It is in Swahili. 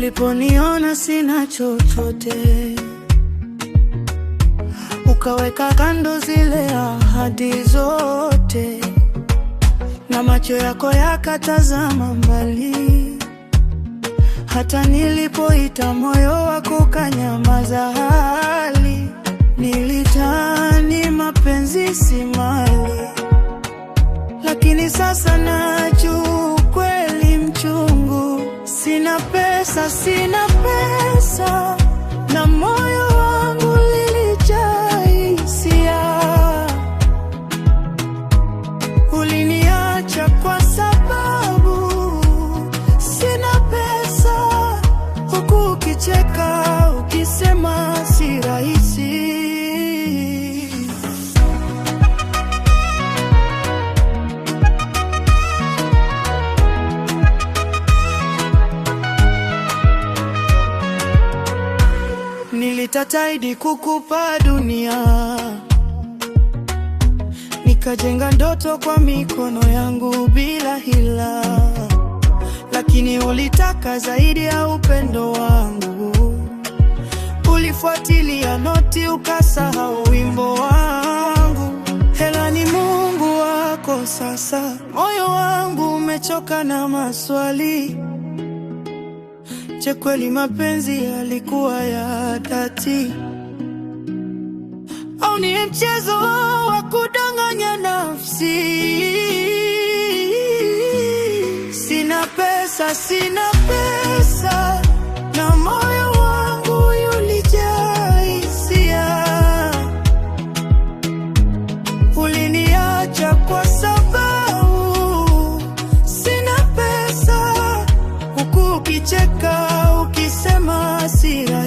Uliponiona sina chochote, ukaweka kando zile ahadi zote, na macho yako yakatazama mbali. Hata nilipoita moyo wako kanyamaza hali. Nilitani mapenzi si mali, lakini sasa najua ukweli mchungu sina sasa sina pesa na moyo wangu lilijaa hisia ulini nitataidi kukupa dunia, nikajenga ndoto kwa mikono yangu bila hila, lakini ulitaka zaidi ya upendo wangu. Ulifuatilia noti ukasahau wimbo wangu. Hela ni Mungu wako sasa, moyo wangu umechoka na maswali Je, kweli mapenzi yalikuwa ya dhati au ni mchezo wa kudanganya nafsi? Sina pesa, sina pesa na moyo wangu yulijaa hisia, uliniacha kwa sababu sina pesa, huku ukicheka Yeah.